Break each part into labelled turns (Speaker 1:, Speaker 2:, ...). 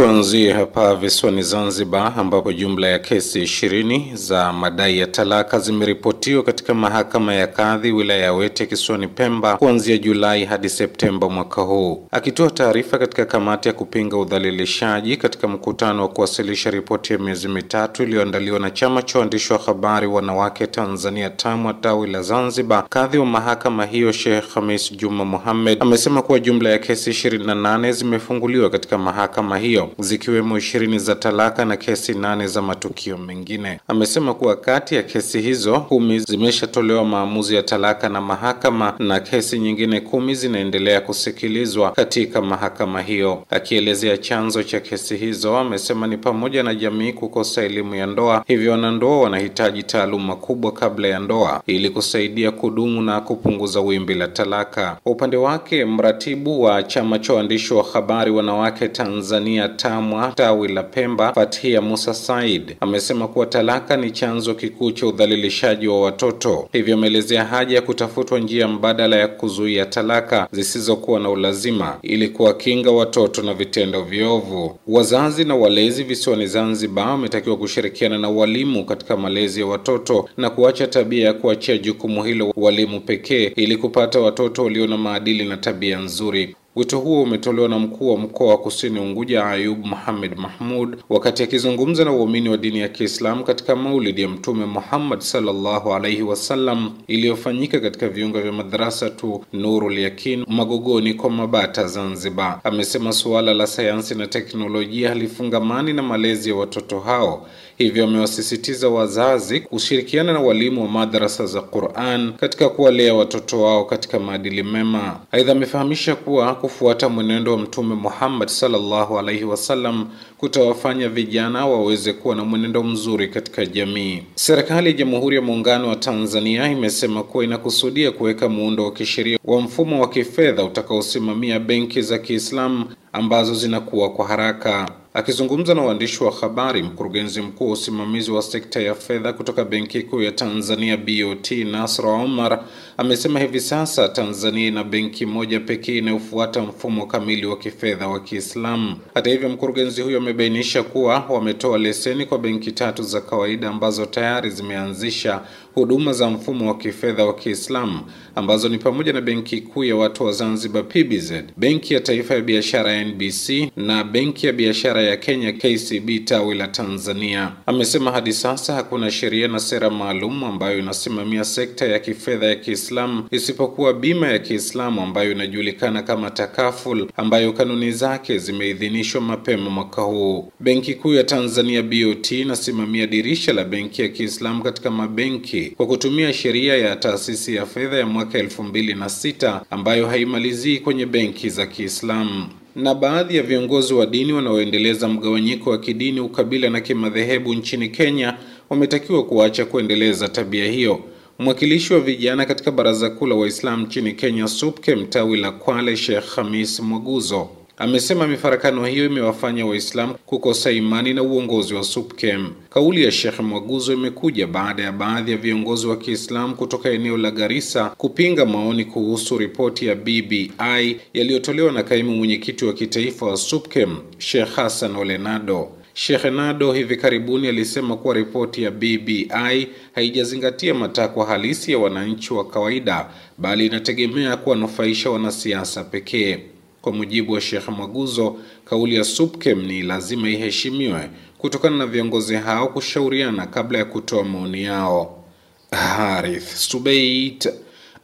Speaker 1: Tuanzie hapa visiwani Zanzibar, ambapo jumla ya kesi ishirini za madai ya talaka zimeripotiwa katika mahakama ya kadhi wilaya ya Wete kisiwani Pemba kuanzia Julai hadi Septemba mwaka huu. Akitoa taarifa katika kamati ya kupinga udhalilishaji katika mkutano wa kuwasilisha ripoti ya miezi mitatu iliyoandaliwa na chama cha waandishi wa habari wanawake Tanzania TAMWA tawi la Zanzibar, kadhi wa mahakama hiyo Sheikh Hamis Juma Mohamed amesema kuwa jumla ya kesi 28 zimefunguliwa katika mahakama hiyo zikiwemo ishirini za talaka na kesi nane za matukio mengine. Amesema kuwa kati ya kesi hizo kumi zimeshatolewa maamuzi ya talaka na mahakama na kesi nyingine kumi zinaendelea kusikilizwa katika mahakama hiyo. Akielezea chanzo cha kesi hizo, amesema ni pamoja na jamii kukosa elimu ya ndoa, hivyo wanandoa wanahitaji taaluma kubwa kabla ya ndoa ili kusaidia kudumu na kupunguza wimbi la talaka. Kwa upande wake, mratibu wa chama cha waandishi wa habari wanawake Tanzania Tamwa tawi la Pemba, Fathia Musa Said amesema kuwa talaka ni chanzo kikuu cha udhalilishaji wa watoto, hivyo ameelezea haja ya kutafutwa njia mbadala ya kuzuia talaka zisizokuwa na ulazima ili kuwakinga watoto na vitendo viovu. Wazazi na walezi visiwani Zanzibar wametakiwa kushirikiana na walimu katika malezi ya watoto na kuacha tabia ya kuachia jukumu hilo walimu pekee ili kupata watoto walio na maadili na tabia nzuri. Wito huo umetolewa na mkuu wa mkoa wa Kusini Unguja Ayub Muhammad Mahmud wakati akizungumza na waumini wa dini ya Kiislamu katika maulidi ya Mtume Muhammad sallallahu alaihi wasallam iliyofanyika katika viunga vya tu Nurul Yakin Magogoni kwa Mabata, Zanzibar. Amesema suala la sayansi na teknolojia halifungamani na malezi ya watoto hao Hivyo amewasisitiza wazazi kushirikiana na walimu wa madrasa za Qur'an katika kuwalea watoto wao katika maadili mema. Aidha, amefahamisha kuwa kufuata mwenendo wa Mtume Muhammad sallallahu alaihi wasallam kutawafanya vijana waweze kuwa na mwenendo mzuri katika jamii. Serikali ya Jamhuri ya Muungano wa Tanzania imesema kuwa inakusudia kuweka muundo wa kisheria wa mfumo wa kifedha utakaosimamia benki za Kiislamu ambazo zinakuwa kwa haraka. Akizungumza na waandishi wa habari, mkurugenzi mkuu wa usimamizi wa sekta ya fedha kutoka Benki Kuu ya Tanzania BOT, Nasra Omar, amesema hivi sasa Tanzania ina benki moja pekee inayofuata mfumo kamili wa kifedha wa Kiislamu. Hata hivyo, mkurugenzi huyo amebainisha kuwa wametoa leseni kwa benki tatu za kawaida ambazo tayari zimeanzisha huduma za mfumo wa kifedha wa Kiislamu ambazo ni pamoja na Benki Kuu ya Watu wa Zanzibar PBZ, Benki ya Taifa ya Biashara NBC na Benki ya Biashara biashara ya Kenya KCB tawi la Tanzania. Amesema hadi sasa hakuna sheria na sera maalum ambayo inasimamia sekta ya kifedha ya Kiislamu isipokuwa bima ya Kiislamu ambayo inajulikana kama takaful, ambayo kanuni zake zimeidhinishwa mapema mwaka huu. Benki Kuu ya Tanzania BOT inasimamia dirisha la benki ya Kiislamu katika mabenki kwa kutumia sheria ya taasisi ya fedha ya mwaka elfu mbili na sita ambayo haimalizii kwenye benki za Kiislamu na baadhi ya viongozi wa dini wanaoendeleza mgawanyiko wa kidini, ukabila na kimadhehebu nchini Kenya wametakiwa kuacha kuendeleza tabia hiyo. Mwakilishi wa vijana katika Baraza Kuu la Waislamu nchini Kenya SUPKE mtawi la Kwale, Sheikh Hamis Mwaguzo Amesema mifarakano hiyo imewafanya Waislamu kukosa imani na uongozi wa SUPKEM. Kauli ya Sheikh Mwaguzo imekuja baada ya baadhi ya viongozi wa Kiislamu kutoka eneo la Garissa kupinga maoni kuhusu ripoti ya BBI yaliyotolewa na kaimu mwenyekiti wa kitaifa wa SUPKEM, Sheikh Hassan Olenado. Sheikh Nado hivi karibuni alisema kuwa ripoti ya BBI haijazingatia matakwa halisi ya wananchi wa kawaida bali inategemea kuwanufaisha wanasiasa pekee. Kwa mujibu wa Sheikh Mwaguzo, kauli ya SUPKEM ni lazima iheshimiwe kutokana na viongozi hao kushauriana kabla ya kutoa maoni yao. Harith Subait,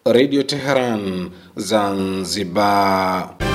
Speaker 1: Radio Tehran, Zanzibar.